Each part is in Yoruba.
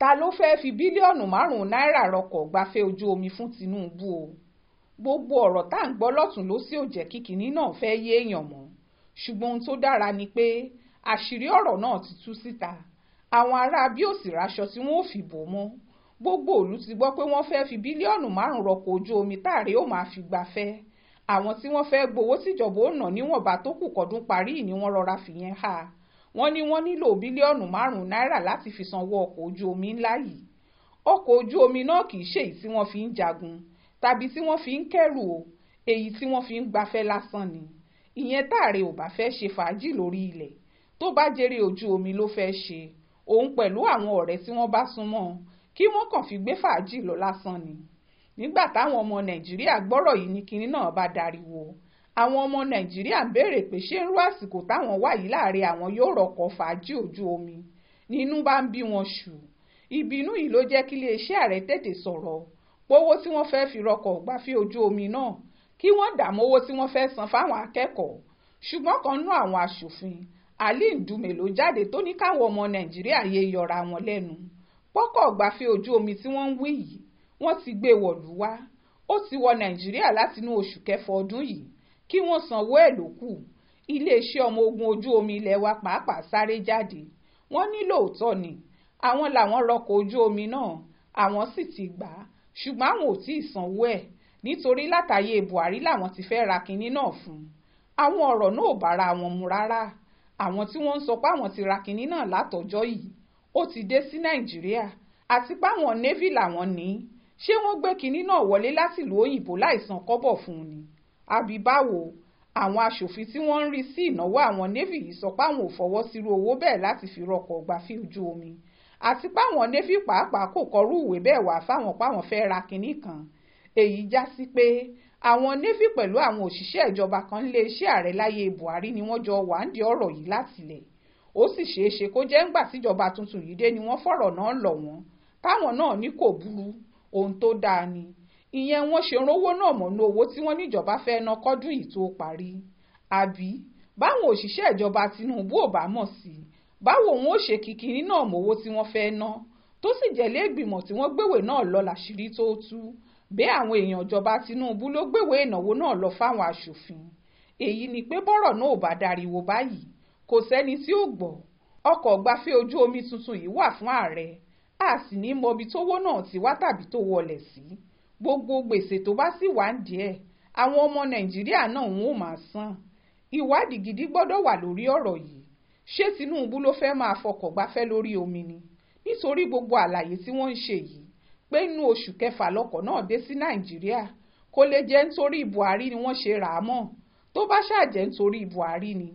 ta ló fẹ́ẹ́ fi bílíọ̀nù márùn-ún náírà rọkọ̀ gbafẹ́ ojú omi fún Tinubu o gbogbo ọ̀rọ̀ tá à ń gbọ́ lọ́tún ló sì ò jẹ́ kí kinní náà fẹ́ yé èèyàn mọ́ ṣùgbọ́n ohun tó dára ni pé àṣírí ọ̀rọ̀ náà ti tú síta àwọn ará abíòsì raṣọ tí wọ́n ò fi bò mọ́ gbogbo òlu ti gbọ́ pé wọ́n fẹ́ẹ́ fi bílíọ̀nù márùn-ún rọkọ̀ ojú omi táàrí ó máa fi gbafẹ́ àwọn tí wọ́n fẹ́ẹ́ gbowó tìjọba ó nà níwọ̀nba tó kù kọ́dún parí ni wọ́n rọra fìyẹn ha wọ́n ní wọ́n nílò bílíọ̀nù márùn-ún náírà láti fi sanwó ọkọ̀ ojú omi ńlá yìí ọkọ̀ ojú omi náà kì í ṣe èyí tí wọ́n fi ń jagun tàbí tí wọ́n fi ń kẹ́rù o èyí tí wọ́n fi ń gbafẹ́ lásán ni ìyẹn táàrẹ ò bá fẹ́ ṣe fàájì lórí ilẹ̀ tó bá jèrè ojú omi ló fẹ́ ṣe òun pẹ̀lú àwọn ọ̀rẹ́ tí wọ́n bá súnmọ́ kí wọ́n kàn fi gbé fàájì lọ lásán ni nígbà táwọn ọmọ nàìjíríà gbọ́rọ̀ yìí ní kinní náà bá dariwo àwọn ọmọ nàìjíríà ń béèrè pé ṣé irú àsìkò táwọn wà yìí láàrin àwọn yóò rọkọ̀ fàájì ojú omi nínú bá ń bí wọn ṣù ìbínú yìí ló jẹ́ kí iléeṣẹ́ ààrẹ tètè sọ̀rọ̀ pówó tí wọ́n fẹ́ẹ́ fi rọkọ̀ gbafẹ́ ojú omi náà kí wọ́n dààmú owó tí wọ́n fẹ́ẹ́ san fáwọn akẹ́kọ̀ọ́ ṣùgbọ́n kan nú àwọn aṣòfin ali ndume ló jáde tó ní káwọn ọmọ nàìjíríà yé yọra wọn lẹ́nu pọ́kọ̀ gbafẹ́ ojú omi tí wọ́n ń wí yìí wọ́n ti gbé wọ̀lú wá ó ti wọ nàìjíríà látinú oṣù kẹfọ ọdún yìí kí wọ́n sanwó ẹ̀ ló kù iléeṣẹ́ ọmọ ogun ojú omi ilẹ̀ wa pàápàá sáré jáde wọ́n ní lóòótọ́ ni àwọn làwọn rọkọ̀ ojú omi náà àwọn sì ti gbà á ṣùgbọ́n àwọn ò tí ì sanwó ẹ̀ nítorí látàyè Buhari làwọn ti fẹ́ ra kinní náà fún àwọn ọ̀rọ̀ náà ò bára wọn mu rárá àwọn tí wọ́n ń sọ pé àwọn ti ra kinní náà látọjọ́ yìí ó ti dé sí Nàìjíríà àti páwọn navy làwọn ní ṣé wọ́n gbé kinní náà wọlé látìlú òyìnbó láìsan kọ́bọ̀ fún un ni àbí báwo àwọn aṣòfin tí wọ́n ń rí sí ìnáwó àwọn navy yìí sọ pé àwọn ò fọwọ́ sírú owó bẹ́ẹ̀ láti fi rọkọ̀ ògbafẹ́ ojú omi àti páwọn navy pàápàá kò kọrú ìwé bẹ́ẹ̀ wá fáwọn páwọn fẹ́ ra kinní kan èyí já sí pé àwọn navy pẹ̀lú àwọn òṣìṣẹ́ ìjọba kan lé iṣẹ́ ààrẹ láyé buhari ni wọ́n jọ wà ń di ọ̀rọ̀ yìí látilẹ̀ ó sì ṣeé ṣe kó jẹ́ ńgbà tíjọba tuntun yìí dé ni wọ́n fọ̀rọ̀ náà lọ̀ wọ́n táwọn náà ní kò burú ohun tó dáa ni ìyẹn wọ́n ṣe rówó náà mọ̀nú owó tí wọ́n níjọba fẹ́ ná kọ́dún yìí tó parí àbí báwọn òṣìṣẹ́ ìjọba Tinubu ò bá mọ̀ sí báwo wọn ò ṣe kìkìrí náà mọ́wó tí wọ́n fẹ́ ná tó sì jẹ́lé ìgbìmọ̀ tí wọ́n gbéwèé náà lọ láṣìírí tó tú bẹ́ẹ̀ àwọn èèyàn ìjọba Tinubu ló gbéwèé ìnáwó náà lọ fáwọn aṣòfin èyí ni pé bọ́rọ̀ náà ò bá dariwo báyìí kò sẹ́ni tí ò gbọ́ ọkọ̀ gbafẹ́ ojú omi tuntun yìí wà fún ààrẹ a sì ní mọ ibi tówó náà ti wá tàbí tó wọlé sí. Si gbogbo gbèsè tó bá sì wà ń díẹ̀ àwọn ọmọ nàìjíríà náà ń ó máa san ìwádìí gidi gbọ́dọ̀ wà lórí ọ̀rọ̀ yìí ṣé tinubu ló fẹ́ máa fọkọ̀ gbafẹ́ lórí omi ni nítorí gbogbo àlàyé tí wọ́n ń ṣe yìí pé inú oṣù kẹfà lọkọ̀ náà dé sí nàìjíríà kó lè jẹ́ nítorí buhari ni wọ́n ṣe rà á mọ́ tó bá ṣàjẹ́ nítorí buhari ni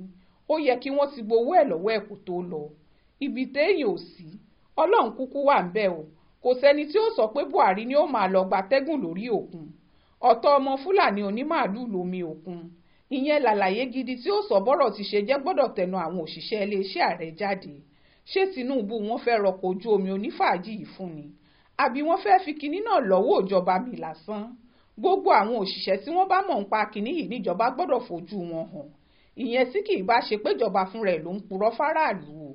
ó yẹ kí wọ́n ti gbowó ẹ̀ lọ́wọ́ ẹ̀ kó tó lọ ibi téèyàn ò sí ọlọ́run kúkú wà ń bẹ̀ kò sẹ́ni tí ó sọ pé Buhari ni ó máa lọ gbatẹ́gùn lórí òkun ọ̀tọ̀ ọmọ Fúlàní onímàálù lomi òkun ìyẹn làlàyé gidi tí ó sọ bọ́rọ̀ ti ṣe jẹ́ gbọ́dọ̀ tẹnu àwọn òṣìṣẹ́ iléeṣẹ́ ààrẹ jáde ṣé Tinubu wọn fẹ́ rọkọ̀ ojú omi onífàájì yìí fún ni àbí wọ́n fẹ́ fi kinní náà lọ́wọ́ ìjọba mi lásán gbogbo àwọn òṣìṣẹ́ tí wọ́n bá mọ̀ ń pa kinní yìí níjọba gbọ́dọ̀ fojú wọn hàn ìyẹn tí kì í bá ṣe péjọba fúnra ẹ̀ ló ń purọ́ fáráàlú o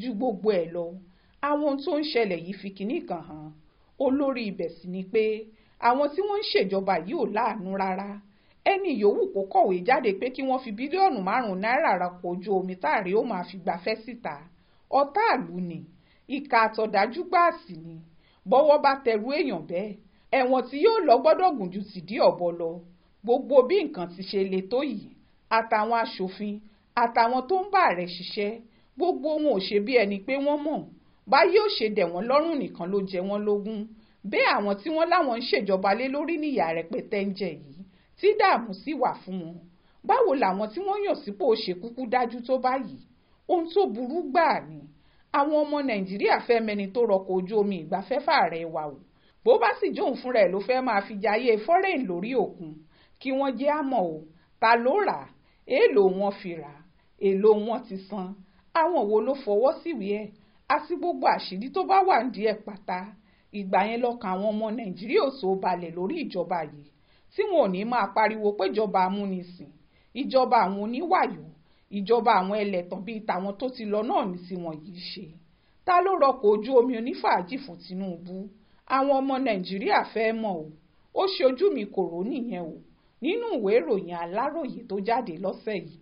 ju gbogbo ẹ̀ lọ àwọn ohun tó ń ṣẹlẹ̀ yìí fi kìíní kan hàn olórí ibẹ̀ sì ni pé àwọn tí wọ́n ń ṣèjọba yìí ò láàánú rárá ẹni yòówù kó kọ̀wé jáde pé kí wọ́n fi bílíọ̀nù márùn-ún náírà ra ọkọ̀ ojú omi táàrí ó máa fi gbafẹ́ síta ọ̀tá àlù ni ìka àtọ̀dájú gbáàsì ni bọ́wọ́ bá tẹrú èèyàn bẹ́ẹ̀ ẹ̀wọ̀n tí yóò lọ gbọ́dọ̀ gùn ju tìdí ọ̀bọ lọ gbogbo bí nǹkan ti ṣe le tó yìí àtàwọn aṣòfin àtàwọn tó ń bá ààrẹ ṣiṣẹ́ gbogbo wọn ò ṣe bí ẹni pé wọ́n mọ̀ báyé ò ṣe dẹ̀ wọ́n lọ́rùn nìkan ló jẹ wọ́n lógún bẹ́ẹ̀ àwọn tí wọ́n láwọn ń ṣèjọba lé lórí níyà rẹpẹtẹ ń jẹ yìí tí dààmú sì wà fún wọn báwo làwọn tí wọ́n yàn sípò ṣe kúkú dájú tó báyìí ohun tó burú gbáà ni àwọn ọmọ nàìjíríà fẹ́ mẹni tó rọkọ̀ ojú omi ìgbafẹ́ fààrẹ wa o bó bá sì jóun fúnra ẹ̀ ló fẹ́ máa fi jayé fọ́rẹ́ìn lórí òkun kí wọ́n jẹ́ àmọ́ o ta ló rà á èèlò wọn fi rà á èèlò wọn ti san àwọn wo ló fọwọ́ síwèé ẹ̀ á sí gbogbo àṣírí tó bá wà nídìí ẹ̀ pátá ìgbà yẹn lọ́kàn àwọn ọmọ nàìjíríà ò so balẹ̀ lórí ìjọba yìí tí wọn ò ní máa pariwo péjọba amúnisìn ìjọba àwọn oníwàyò ìjọba àwọn ẹlẹ́tàn bíi tàwọn tó ti lọ náà ní tiwọn yìí ṣe ta ló rọkọ̀ ojú omi onífàájì fún Tinubu àwọn ọmọ nàìjíríà fẹ́ mọ̀ o ó ṣojú mi kòrò nìyẹn o nínú ìwé ìròyìn Aláròyé tó jáde lọ́sẹ̀ yìí